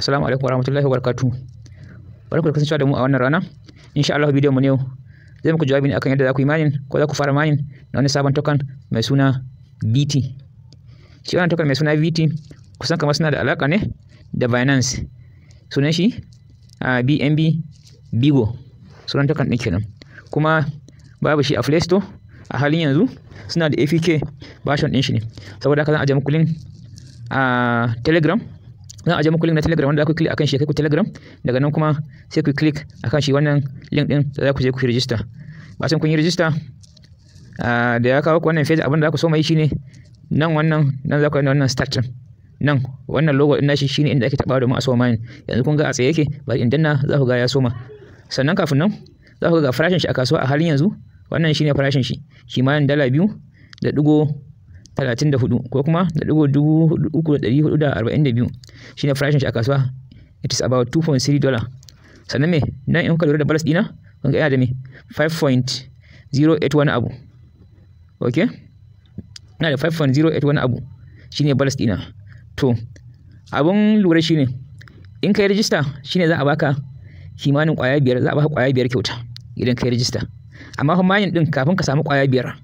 Assalamu alaikum warahmatullahi wabarakatuh. Barku da kasancewa da mu a wannan rana. Insha Allah bidiyon mu ne zai muku jawabi ne akan yadda za ku yi mining ko za ku fara mining na wani sabon token mai suna BT. Shi wannan token mai suna BT kusan kamar suna da alaka ne da Binance. Sunan shi uh, BNB Bigo. Sunan token ɗin kenan. Kuma babu shi a Play Store a halin yanzu suna da APK version ɗin shi ne. Saboda haka zan ajiye muku link a Telegram zan aje muku link na telegram wanda za ku click akan shi kai ku telegram daga nan kuma sai ku click akan shi wannan link din da za ku je ku register san kun yi register ah, da ya kawo ku wannan page abin da za ku so mai shine nan wannan nan za ku yi wannan start din nan wannan logo din nashi shine inda ake taba domin a soma mine yanzu kun ga a tsaye yake ba in danna za ku ga ya soma sannan kafin nan za ku ga farashin shi a kasuwa a halin yanzu wannan shine farashin shi shi ma yan dala biyu da digo talatin da hudu ko kuma da ɗigo dubu uku da ɗari hudu da arba'in da biyu ne farashin shi a kasuwa it is about 2.3 dollar sannan me nan in kuka lura da balas dina kun ga yana da me 5.081 wani abu ok na da 5.081 wani abu ne balas dina to abun lura shi ne. in ka yi rijista ne za a baka kimanin kwaya biyar za a baka kwaya biyar kyauta idan ka yi rijista amma kuma yin din kafin ka samu kwaya biyar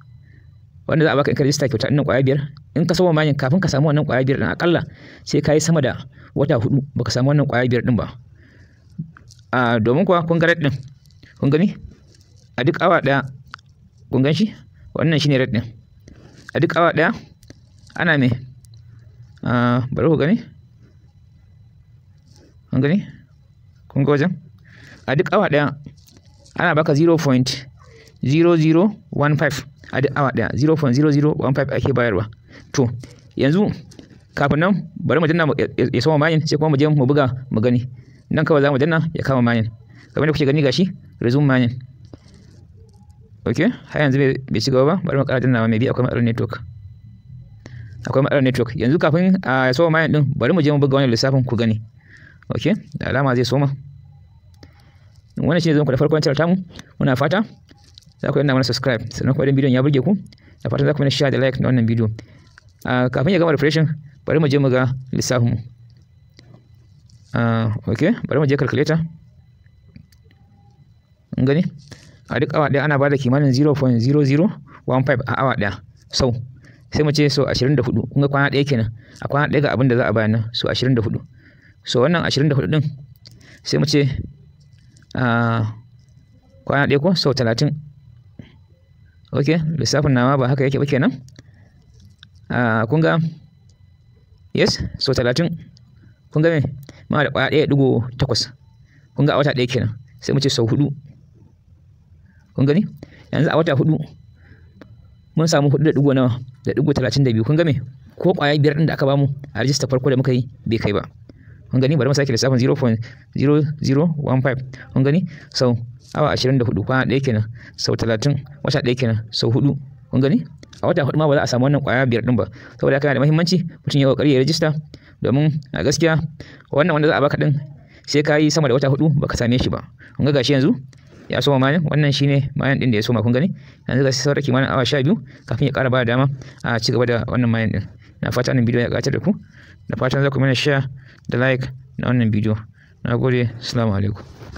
wanda za a baka in ka rijista kyauta ɗin kwaya biyar in ka samu manyan kafin ka samu wannan kwaya biyar ɗin akalla sai ka yi sama da wata hudu baka samu wannan kwaya biyar ɗin ba a domin kuwa kun ga ɗin kun gani a duk awa ɗaya kun gan shi wannan shine red ɗin a duk awa ɗaya ana a bari ku gani kun gani kun ga wajen a duk awa ɗaya ana baka 0.0015 a duk awa ɗaya 0.0015 ake bayarwa to yanzu kafin nan bari mu danna ya sama mayin sai kuma mu je mu buga mu gani nan kawai za mu danna ya kama mayin kamar da kuke gani gashi resume mayin ok har yanzu bai ci gaba ba bari mu ƙara dannawa mai bi akwai matsalar network akwai matsalar network yanzu kafin a soma mayan din bari mu je mu buga wannan lissafin ku gani ok da alama zai soma wannan shine zan ku da farkon tamu muna fata za ku danna mana subscribe sannan kuma idan bidiyon ya burge ku da fatan za ku mana share da like na wannan bidiyo kafin ya gama refreshin bari mu je mu ga lissafin mu ok bari mu je calculator in gani a duk awa daya ana bada kimanin 0.0015 a awa daya sau sai mu ce so 24 kun ga kwana daya kenan a kwana daya ga abin da za a bayar nan so 24 so wannan 24 din sai mu ce kwana daya ko sau 30 ok lissafin nawa ba haka yake ba nan? a ah, kun ga yes so talatin kun ga me ma da kwaya ɗaya kun ga a wata 1 kenan sai mu ce sau 4 kun gani yanzu a wata 4 mun samu 4 da dugo nawa da dugo talatin kun ga me ko kwaya biyar ɗin da aka bamu a rajista farko da muka yi bai kai ba kun gani bari mu sake lissafin 0.0015 kun gani sau awa 24 kwana ɗaya kenan sau 30 wata ɗaya kenan sau 4 kun gani a wata hudu ma ba za a samu wannan kwaya biyar din ba saboda haka yana da muhimmanci mutum ya kokari ya rijista domin a gaskiya wannan wanda za a baka din sai ka yi sama da wata hudu baka same shi ba kun ga gashi yanzu ya soma mayan wannan shine mayan din da ya soma kun gani yanzu ga saura kimanin awa sha biyu kafin ya kara ba dama a ci gaba da wannan mayan din na fata wannan bidiyo ya katar da ku na fatan za ku mana share da like na wannan bidiyo. Na gode, salamu alaikum.